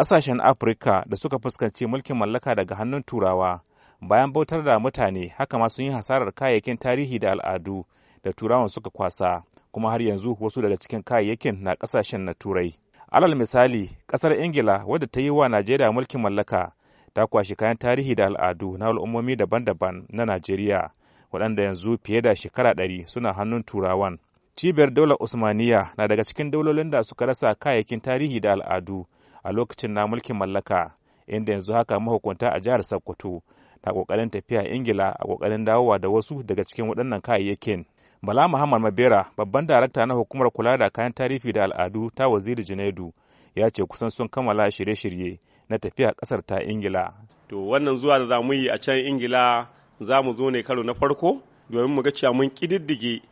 kasashen afirka da suka fuskanci mulkin mallaka daga hannun turawa bayan bautar da mutane haka ma sun yi hasarar kayayyakin tarihi da al'adu da turawan suka kwasa kuma har yanzu wasu daga cikin kayayyakin na ƙasashen na turai alal misali ƙasar ingila wadda ta yi wa najeriya mulkin mallaka ta kwashi kayan tarihi da al'adu na al'ummomi daban-daban na najeriya waɗanda yanzu fiye da shekara ɗari suna hannun turawan cibiyar daular usmaniya na daga cikin daulolin da suka rasa kayayyakin tarihi da al'adu a lokacin na mulkin mallaka inda yanzu haka mahukunta a jihar Sokoto na kokarin tafiya Ingila a kokarin dawowa da wasu daga cikin waɗannan kayayyakin. Bala Muhammad Mabera babban darakta na hukumar kula da kayan tarihi da al'adu ta Waziri Junaidu ya ce kusan sun kammala shirye-shirye na tafiya ƙasar ta Ingila. To wannan zuwa da za mu yi a can Ingila za mu zo ne karo na farko domin mu ga cewa mun ƙididdige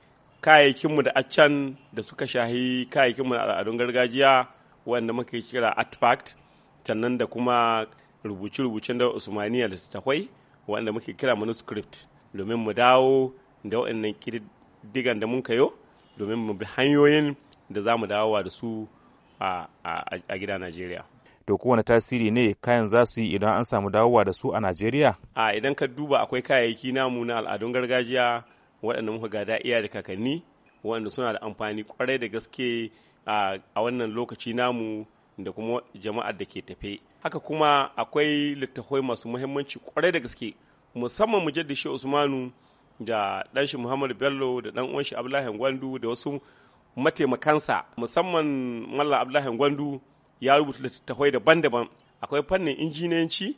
kayayyakinmu da a can da suka shahi kayayyakinmu na al'adun gargajiya wanda muke kira artifact sannan da kuma rubuce-rubucen da usmaniya littattafai wanda muke kira manuscript domin mu dawo da waɗannan ƙididdigan da mun kayo domin mu bi hanyoyin da za mu dawowa da su a gida najeriya to kowane tasiri ne kayan za su yi idan an samu dawowa da su a najeriya a idan ka duba akwai kayayyaki namu na al'adun gargajiya waɗanda muka gada iya da kakanni wanda suna da amfani kwarai da gaske a wannan lokaci namu da kuma jama'ar da ke tafe haka kuma akwai littafai masu muhimmanci kwarai da gaske musamman jaddi shi usmanu da dan shi muhammadu bello da dan uwan shi abdullahi gwandu da wasu mataimakansa musamman malla abdullahi gwandu ya rubuta littafai daban-daban akwai fannin injiniyanci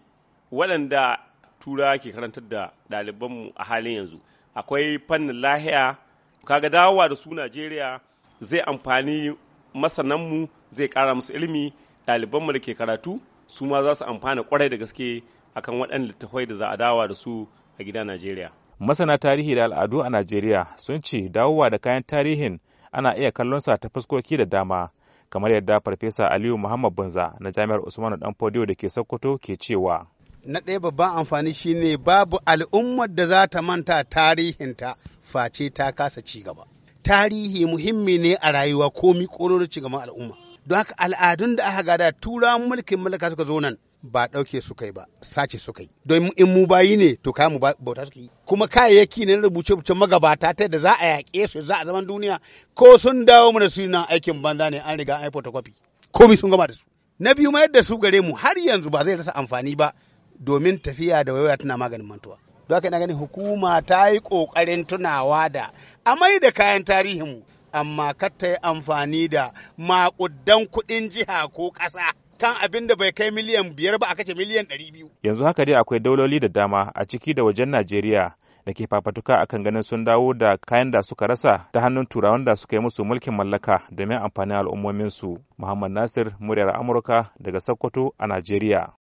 waɗanda tura ke karantar da ɗalibanmu a halin yanzu akwai fannin lahiya kaga dawowa da su najeriya zai amfani masananmu zai kara musu ilimi ɗalibanmu da ke karatu su ma za su amfana kwarai da gaske akan waɗanda littafai da za a dawa da su a gida najeriya masana tarihi da al'adu a najeriya sun ce dawowa da kayan tarihin ana iya kallon sa ta fuskoki da dama kamar yadda farfesa aliyu muhammad banza na jami'ar usmanu dan fodiyo da ke sokoto ke cewa na ɗaya babban amfani shine babu al'ummar da za ta manta tarihinta face ta kasa ci gaba tarihi muhimmi ne a rayuwa komi kororo ci gaban al'umma don haka al'adun da aka gada tura mulkin mulka suka zo nan ba ɗauke su kai ba sace su kai don in mu bayi ne to kayan mu bauta suke yi kuma kayayyaki ne na rubuce rubuce magabata ta da za a yaƙe su za a zaman duniya ko sun dawo mu da su nan aikin banza ne an riga an yi photocopy komi sun gama da su na biyu mayar da su gare mu har yanzu ba zai rasa amfani ba domin tafiya da waiwaya tana maganin mantuwa don haka ina ganin hukuma ta yi ƙoƙarin tunawa da amai da kayan tarihinmu amma kar ta yi amfani da maƙudan kuɗin jiha ko ƙasa kan abin da bai kai miliyan biyar ba aka ce miliyan ɗari biyu. Yanzu haka dai akwai dauloli da dama a ciki da wajen Najeriya da ke fafatuka akan ganin sun dawo da kayan da suka rasa ta hannun turawan da suka yi musu mulkin mallaka domin amfanin al'ummominsu. Muhammad Nasir, muryar Amurka daga Sokoto a Najeriya.